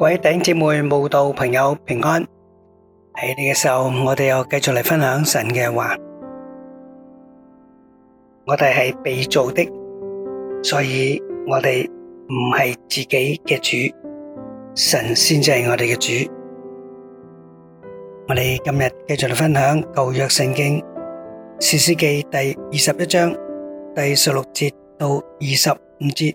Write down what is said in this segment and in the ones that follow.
各位弟兄姐妹、慕道朋友平安，喺呢個時候，我哋又繼續嚟分享神嘅話。我哋係被造的，所以我哋唔係自己嘅主，神先至係我哋嘅主。我哋今日繼續嚟分享舊約聖經士師記第二十一章第十六節到二十五節。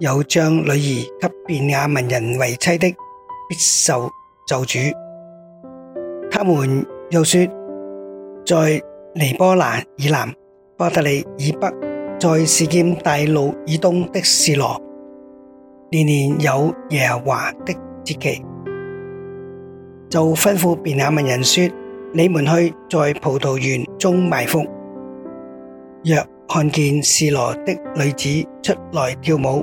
有將女兒給便雅憫人為妻的，必受咒詛。他們又說，在尼波拿以南、伯特利以北、在示劍大路以東的示羅，年年有耶和華的節期，就吩咐便雅憫人說：你們去在葡萄園中埋伏，若看見示羅的女子出來跳舞，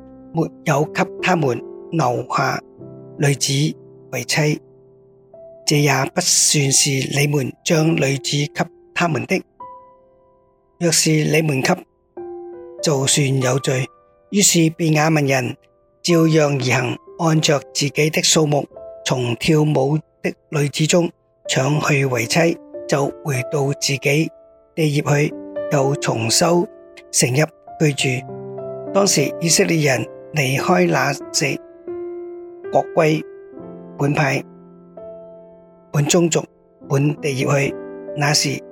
沒有給他們留下女子為妻，這也不算是你們將女子給他們的。若是你們給，就算有罪。於是便雅憫人照樣而行，按着自己的數目，從跳舞的女子中搶去為妻，就回到自己地業去，又重修城邑居住。當時以色列人。離開那些國歸本派、本宗族、本地業去，那時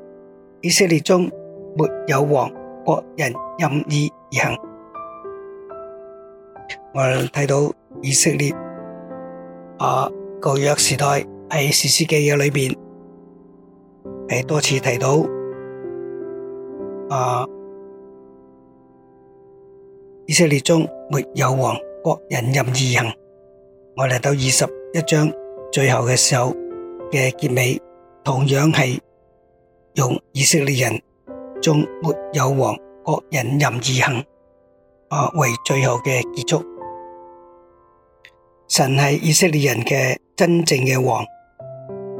以色列中沒有王國人任意而行。我哋睇到以色列啊舊約時代喺士師記裏面，係多次提到啊。以色列中沒有王，各人任意行。我嚟到二十一章最後嘅時候嘅結尾，同樣係用以色列人中沒有王，各人任意行啊，為最後嘅結束。神係以色列人嘅真正嘅王，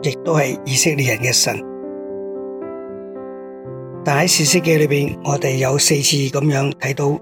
亦都係以色列人嘅神。但喺士師記裏邊，我哋有四次咁樣睇到。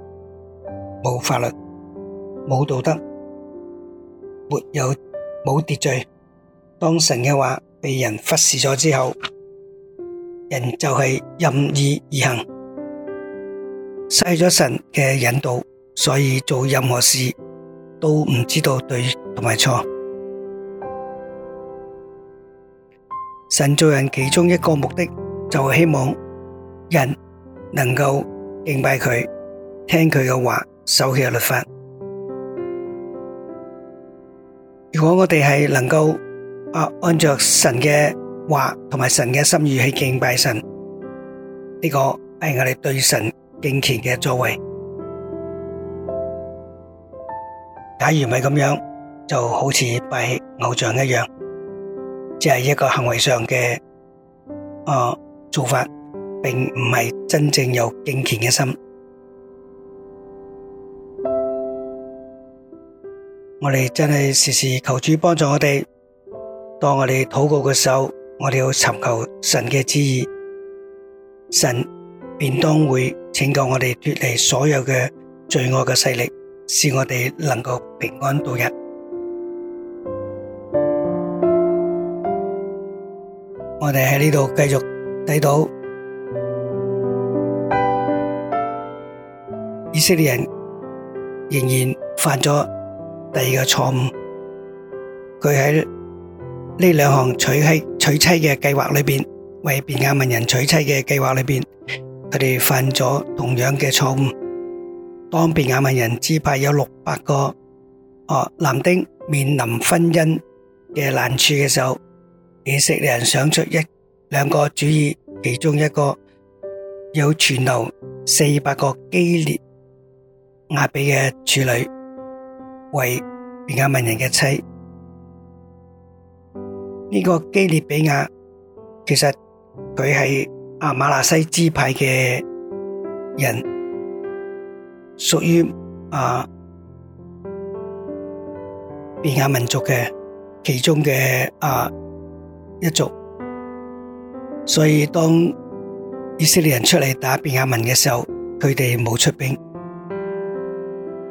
冇法律，冇道德，沒有冇秩序。當神嘅話被人忽視咗之後，人就係任意而行，失咗神嘅引導，所以做任何事都唔知道對同埋錯。神做人其中一個目的就係希望人能夠敬拜佢，聽佢嘅話。守其律法。如果我哋係能夠啊，按照神嘅話同埋神嘅心意去敬拜神，呢個係我哋對神敬虔嘅作為。假如唔係咁樣，就好似拜偶像一樣，只係一個行為上嘅啊做法，並唔係真正有敬虔嘅心。我哋真係時時求主幫助我哋，當我哋禱告嘅時候，我哋要尋求神嘅旨意，神便當會拯救我哋脫離所有嘅罪惡嘅勢力，使我哋能夠平安度日。我哋喺呢度繼續睇到以色列人仍然犯咗。第二個錯誤，佢喺呢兩項娶妻娶妻嘅計劃裏邊，為便雅憫人娶妻嘅計劃裏邊，佢哋犯咗同樣嘅錯誤。當便雅憫人支派有六百個哦男丁面臨婚姻嘅難處嘅時候，以色列人想出一兩個主意，其中一個有全留四百個基列亞比嘅處女。為便雅憫人嘅妻，呢個基列比亞其實佢係啊瑪拿西支派嘅人，屬於啊便雅民族嘅其中嘅啊一族，所以當以色列人出嚟打便雅憫嘅時候，佢哋冇出兵，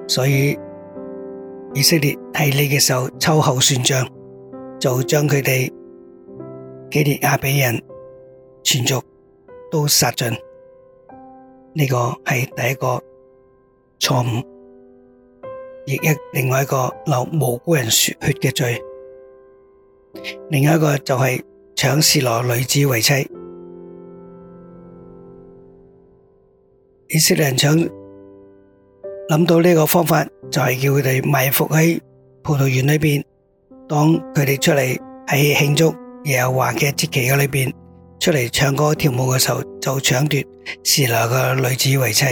所以。以色列替你嘅時候秋後算賬，就將佢哋基列亞比人全族都殺盡。呢、這個係第一個錯誤，亦一另外一個流無辜人血血嘅罪。另外一個就係搶示羅女子為妻，以色列人想諗到呢個方法。就是叫他們埋伏在葡萄園裏面，當他們出來，在慶祝耶和華嘅節期裏面出來唱歌跳舞的時候，就搶奪示羅的女子為妻。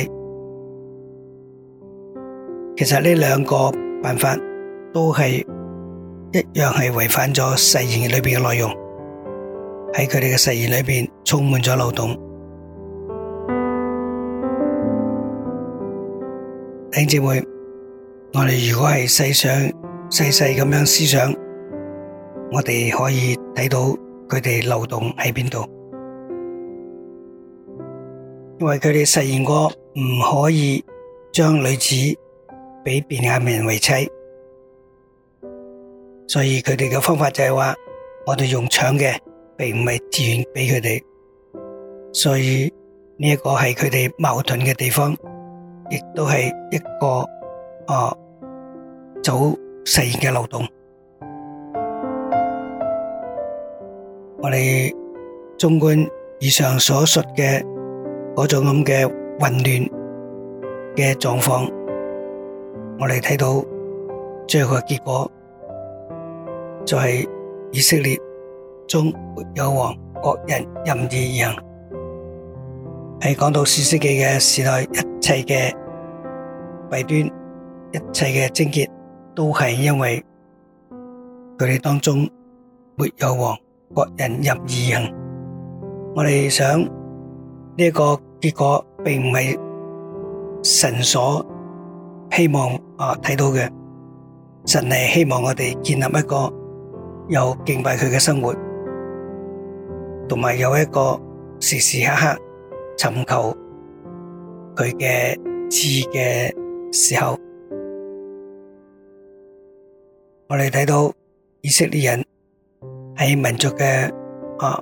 其實這兩個辦法都是一樣，係違反了誓言裏面的內容，在他們的誓言裏面充滿了漏洞。兄弟姊妹。我哋如果係細想、細細咁樣思想，我哋可以睇到佢哋漏洞喺邊度，因為佢哋實現過唔可以將女子俾便雅憫人為妻，所以佢哋嘅方法就係話我哋用搶嘅，並唔係自願俾佢哋，所以呢一個係佢哋矛盾嘅地方，亦都係一個。啊！早實現嘅漏洞，我哋縱觀以上所述嘅嗰種咁嘅混亂嘅狀況，我哋睇到最後嘅結果就係以色列中沒有王，國人任意而行。係講到士師記嘅時代一切嘅弊端。一切嘅症結都係因為佢哋當中沒有王，各人任意行。我哋想呢一個結果並唔係神所希望啊睇到嘅，神係希望我哋建立一個有敬拜佢嘅生活，同埋有一個時時刻刻尋求佢嘅志嘅時候。我哋睇到以色列人喺民族嘅啊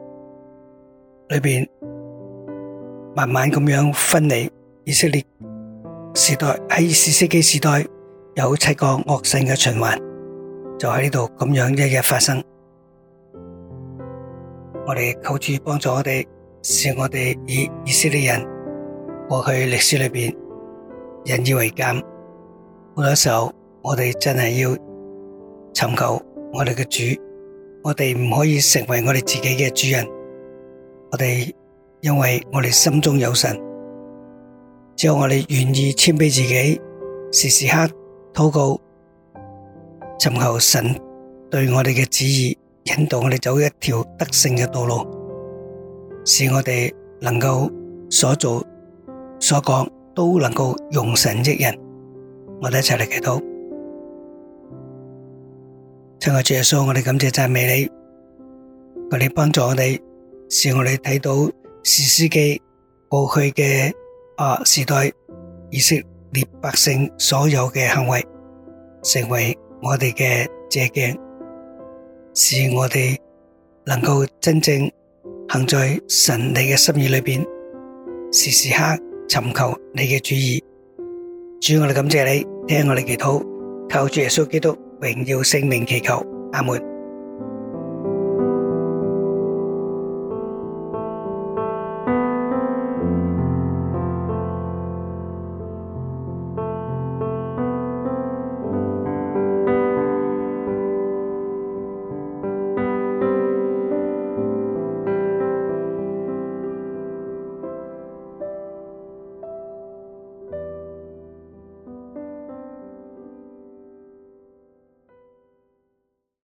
裏邊慢慢咁樣分離。以色列時代喺士師記時代有七個惡性嘅循環，就喺呢度咁樣一日發生。我哋求主幫助我哋，使我哋以以色列人過去歷史裏邊引以為鑑。很多時候，我哋真係要。尋求我哋嘅主，我哋唔可以成為我哋自己嘅主人。我哋因為我哋心中有神，只有我哋願意謙卑自己，時時刻禱告，尋求神對我哋嘅旨意，引導我哋走一條得勝嘅道路，使我哋能夠所做所講都能夠榮神益人。我哋一齊嚟祈禱。向我主耶穌，我哋感謝讚美你，求你幫助我哋，使我哋睇到士師記過去嘅啊時代以色列百姓所有嘅行為，成為我哋嘅借鏡，使我哋能夠真正行在神你嘅心意裏邊，時時刻刻尋求你嘅旨意。主，我哋感謝你，聽我哋祈禱，靠住耶穌基督。榮耀聖名，祈求阿門。